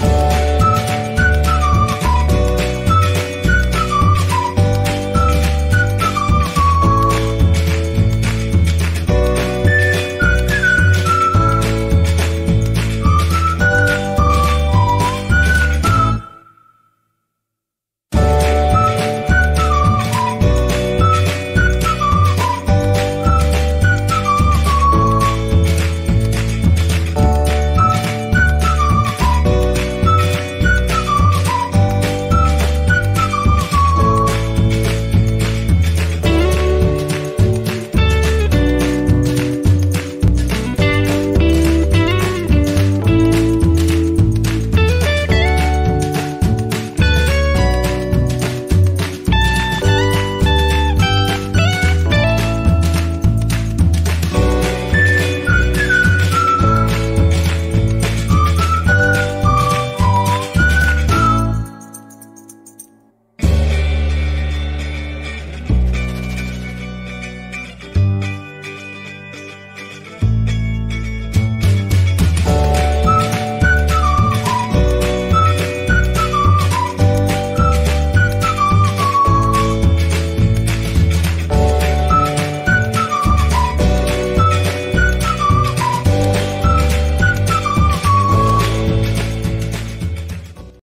Bye.